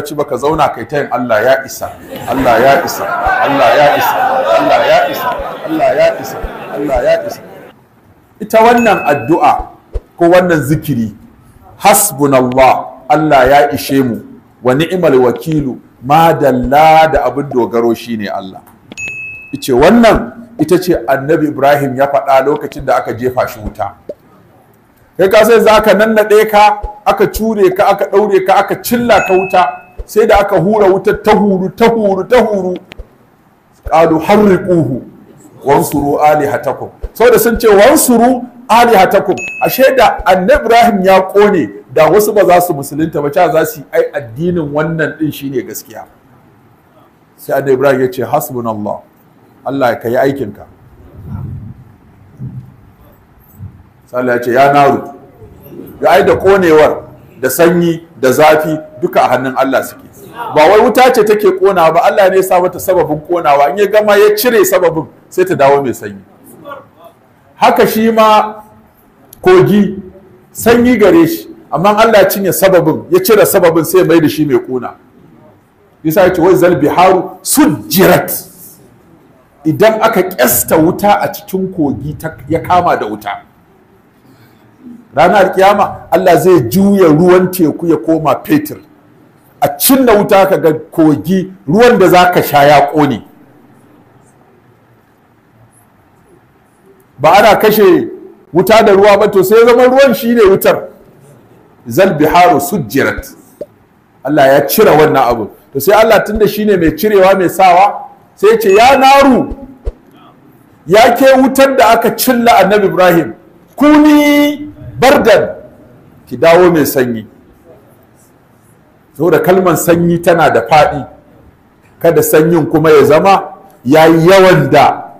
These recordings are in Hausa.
ci baka zauna kai ta yin Allah ya isa Allah ya isa Allah ya isa Allah ya isa Allah ya isa Allah ya isa ita wannan addu'a ko wannan zikiri hasbunallah Allah ya ishe mu wa ni'mal wakilu ma dalla da abin dogaro shine Allah ice wannan ita ce annabi Ibrahim ya faɗa lokacin da aka jefa shi wuta kai ka sai za ka nannaɗe ka aka cure ka aka ɗaure ka aka cilla ka wuta sai da aka hura wutar ta huru ta huru ta huru qalu harriquhu wansuru alihatakum da sun ce wansuru alihatakum ashe da annabi Ibrahim ya ƙone da wasu ba za su musulunta ba cewa za su ai addinin wannan din shine gaskiya sai annabi Ibrahim ya ce hasbunallah Allah ka yi aikin ka sai ya ce ya naru Ya ai da konewar da sanyi da zafi duka a hannun Allah suke ba wai wuta ce take kona ba Allah ne ya sa mata sababin konawa in ya gama ya cire sababin sai ta dawo mai sanyi haka shi ma kogi sanyi gare shi amma Allah cinye sababin ya cire sababin sai mai da shi mai kona yasa yace wai zal biharu sujjirat idan aka kesta wuta a cikin kogi ya kama da wuta ranar kiyama Allah zai juya ruwan teku ya koma fetur a cinna wuta ka ga kogi ruwan da za ka sha ya ƙone ba ana kashe wuta da ruwa ba to sai zama ruwan shi ne wutar zal biharu sujjirat Allah ya cire wannan abu to sai Allah tunda shi ne mai cirewa mai sawa sai ce ya naru ya ke wutar da aka cilla annabi Ibrahim kuni bardan ki dawo mai sanyi da kalmar sanyi tana da faɗi kada sanyin kuma ya zama ya yi yawan da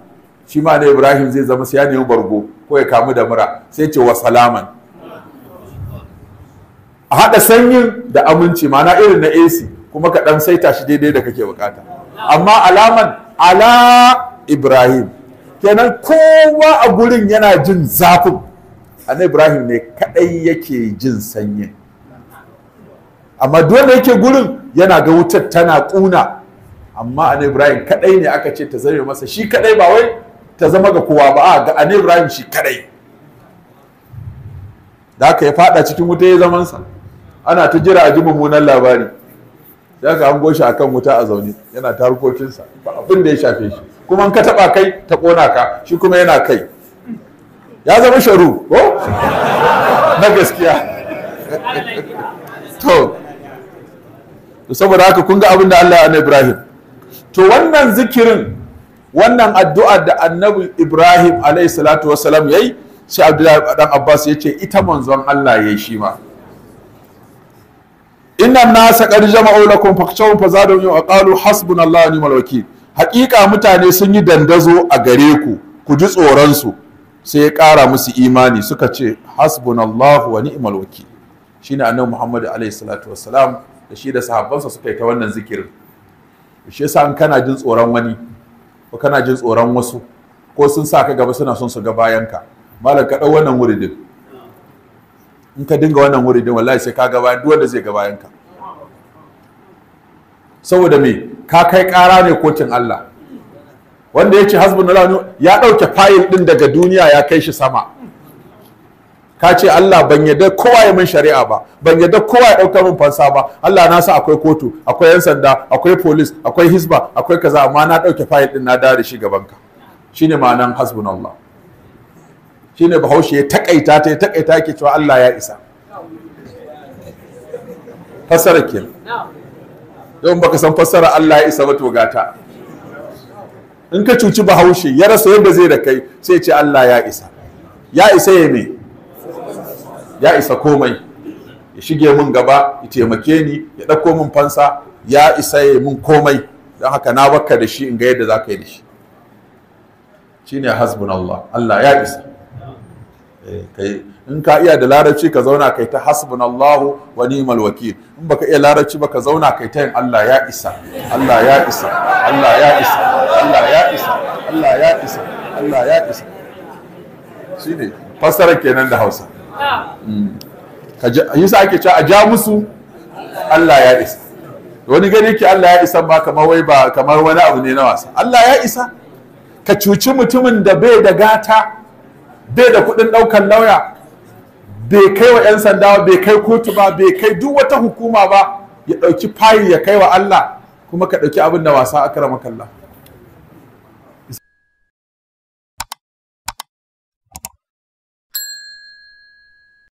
shi ma na ibrahim zai zama sai ya bargo ko ya kamu da mura sai ce wa salaman a haɗa sanyin da aminci mana irin na ac kuma ka ɗan saita shi daidai da kake bukata amma alaman ala ibrahim kenan kowa a gurin yana jin zafin annabi ibrahim ne kadai yake jin sanyi amma duk wanda yake gurin yana ga wutar tana kuna amma annabi ibrahim kadai ne aka ce ta zame masa shi kadai ba wai ta zama ga kowa ba a ga annabi ibrahim shi kadai da aka ya fada cikin wuta ya zamansa ana ta jira a ji mummunan labari ya ka an shi akan wuta a zaune yana ta harkokinsa ba abin da ya shafe shi kuma in ka taba kai ta kona ka shi kuma yana kai ya zama sharu ko na gaskiya to saboda haka kun ga abin da Allah ya Ibrahim to wannan zikirin wannan addu'a da annabi Ibrahim alayhi salatu wassalam yayi sai Abdullahi dan Abbas yace ita manzon Allah yayi shi ma inna nasa qad jama'u lakum fa zadu wa qalu hasbunallahu wa ni'mal wakil haƙiƙa mutane sun yi dandazo a gare ku ku ji tsoron su sai ya ƙara musu imani suka ce hasbunallahu wa ni'mal wakil shine annabi Muhammadu alaihi salatu wassalam da shi da sahabbansa suka yi ta wannan zikirin shi yasa an kana jin tsoron wani ko kana jin tsoron wasu ko sun sa ka gaba suna son su ga bayan ka malam ka dau wannan wuridin in ka dinga wannan wuridin wallahi sai ka ga bayan duk wanda zai ga bayan ka saboda me ka kai ƙara ne kotun Allah wanda ya ce hasbunallah ya ɗauke fayil ɗin daga duniya ya kai shi sama ka ce Allah ban yadda kowa ya min shari'a ba ban yadda kowa ya ɗauka min fansa ba Allah na sa akwai kotu akwai yan sanda akwai polis akwai hisba akwai kaza amma na ɗauke fayil ɗin na dare shi gaban ka shine ma'anan hasbunallah shine bahaushe ya takaita ta ya takaita ke cewa Allah ya isa fassara kenan yau baka san fassara Allah ya isa ba to gata in ka cuci bahaushe ya rasa yadda zai da kai sai ce Allah ya isa ya isa ya ne ya isa komai ya shige mun gaba ya taimake ni ya ɗauko mun fansa ya isa ya min komai don haka na baka da shi in ga yadda za ka yi da shi shine Allah. Allah ya isa Eh, in ka iya da larabci ka zauna kai ta hasbunallahu wa ni'mal wakil in baka iya larabci ba ka zauna kai ta yin Allah ya isa Allah ya isa Allah ya isa Allah ya isa Allah ya isa Allah ya isa shine fasara kenan da Hausa hmm. sa ake cewa a ja musu Allah ya isa wani gani yake Allah ya isa ba kamar wai ba kamar wani abu ne na wasa Allah ya isa ka cuci mutumin da bai da gata bai da kuɗin ɗaukan lauya bai kai wa 'yan sanda bai kai kotu ba bai kai duk wata hukuma ba ya ɗauki fayi ya kai wa Allah kuma ka ɗauki abin da wasa akramaka Allah